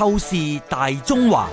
透視大中華。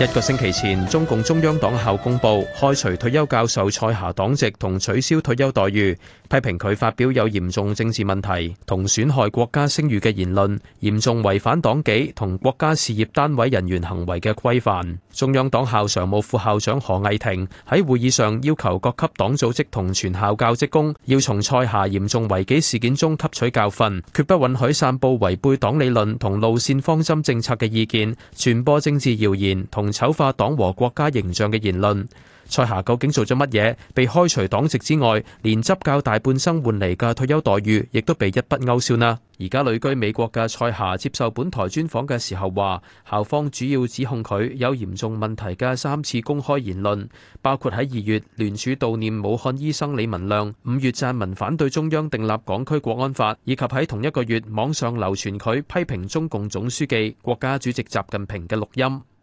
一個星期前，中共中央黨校公布開除退休教授蔡霞黨籍同取消退休待遇，批評佢發表有嚴重政治問題同損害國家聲譽嘅言論，嚴重違反黨紀同國家事業單位人員行為嘅規範。中央黨校常務副校長何毅亭喺會議上要求各級黨組織同全校教職工要從蔡霞嚴重違紀事件中吸取教訓，決不允許散布違背黨理論同路綫方針政策嘅意見，傳播政治謠言同醜，醜化黨和國家形象嘅言論，蔡霞究竟做咗乜嘢？被開除黨籍之外，連執教大半生換嚟嘅退休待遇，亦都被一筆勾銷呢。而家旅居美國嘅蔡霞接受本台專訪嘅時候話，校方主要指控佢有嚴重問題嘅三次公開言論，包括喺二月聯署悼念武漢醫生李文亮，五月撰文反對中央訂立港區國安法，以及喺同一個月網上流傳佢批評中共總書記、國家主席習近平嘅錄音。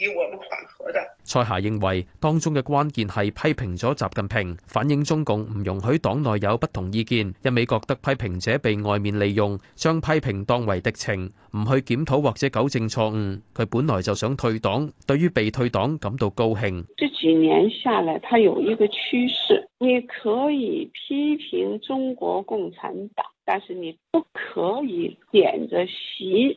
以我們緩和的。蔡霞認為當中嘅關鍵係批評咗習近平，反映中共唔容許黨內有不同意見。因為美國得批評者被外面利用，將批評當為敵情，唔去檢討或者糾正錯誤。佢本來就想退黨，對於被退黨感到高興。這幾年下來，他有一個趨勢，你可以批評中國共產黨，但是你不可以點着習。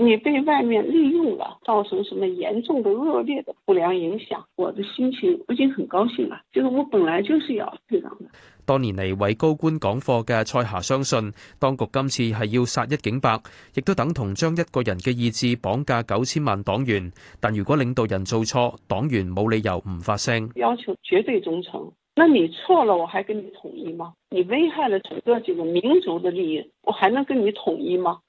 你被外面利用了，造成什麼嚴重的惡劣的不良影響？我的心情不禁很高興啊！就是我本來就是要退讓的。多年嚟為高官講課嘅蔡霞相信，當局今次係要殺一儆百，亦都等同將一個人嘅意志綁架九千萬黨員。但如果領導人做錯，黨員冇理由唔發聲。要求絕對忠誠，那你錯了，我還跟你統一嗎？你危害了整個這個民族的利益，我還能跟你統一嗎？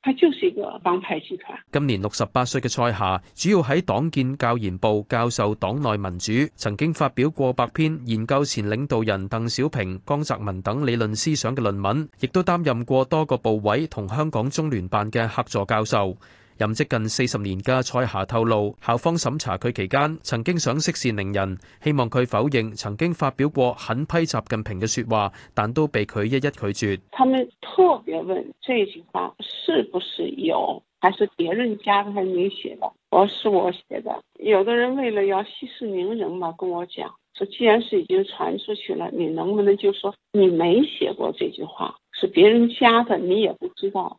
他就是一個幫派集團。今年六十八歲嘅蔡霞，主要喺黨建教研部教授黨內民主，曾經發表過百篇研究前領導人鄧小平、江澤民等理論思想嘅論文，亦都擔任過多個部委同香港中聯辦嘅客座教授。任職近四十年嘅蔡霞透露，校方審查佢期間，曾經想息事寧人，希望佢否認曾經發表過狠批習近平嘅說話，但都被佢一一拒絕。他們特別問這句話是不是有，還是別人加的，還是你寫的？我是我寫的。有的人為了要息事寧人嘛，跟我講，既然是已經傳出去了，你能不能就說你沒寫過這句話，是別人加的，你也不知道。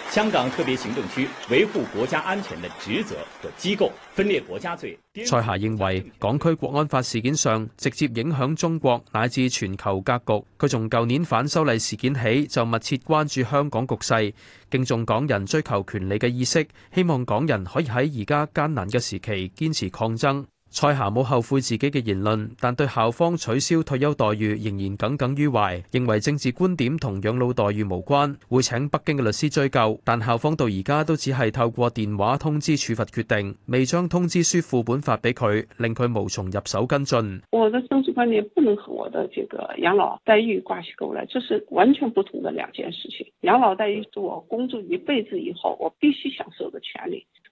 香港特別行政區維護國家安全的職責和機構，分裂國家罪。蔡霞認為，港區國安法事件上直接影響中國乃至全球格局。佢從舊年反修例事件起就密切關注香港局勢，敬重港人追求權利嘅意識，希望港人可以喺而家艱難嘅時期堅持抗爭。蔡霞冇後悔自己嘅言論，但對校方取消退休待遇仍然耿耿於懷，認為政治觀點同養老待遇無關，會請北京嘅律師追究。但校方到而家都只係透過電話通知處罰決定，未將通知書副本發俾佢，令佢無從入手跟進。我的政治觀念不能和我的這個養老待遇掛起鈎來，這是完全不同的兩件事情。養老待遇是我工作一輩子以後我必須享受嘅權利。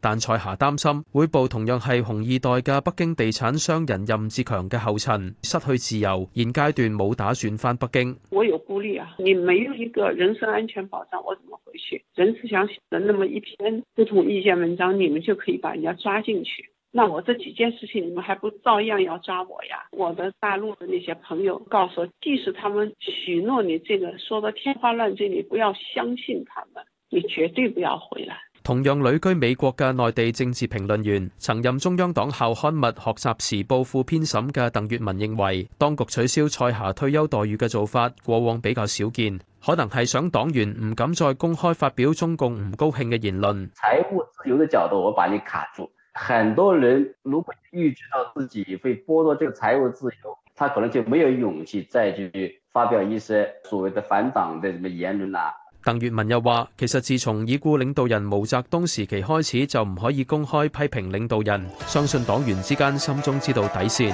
但蔡霞擔心會報同樣係紅二代嘅北京地產商人任志強嘅後塵，失去自由。現階段冇打算翻北京。我有顧慮啊，你沒有一個人身安全保障，我怎麼回去？任志強寫了那麼一篇不同意見文章，你們就可以把人家抓進去。那我這幾件事情，你們還不照樣要抓我呀？我的大陸的那些朋友告訴我，即使他們許諾你這個說的天花亂墜，你不要相信他們，你絕對不要回來。同樣旅居美國嘅內地政治評論員，曾任中央黨校刊物《學習時報》副編審嘅鄧月文認為，當局取消蔡霞退休待遇嘅做法，過往比較少見，可能係想黨員唔敢再公開發表中共唔高興嘅言論。財務自由的角度，我把你卡住。很多人如果預知到自己會剝奪這個財務自由，他可能就沒有勇氣再去發表一些所謂的反黨的什麼言論啦。鄧月文又話，其實自從已故領導人毛澤東時期開始，就唔可以公開批評領導人，相信黨員之間心中知道底線。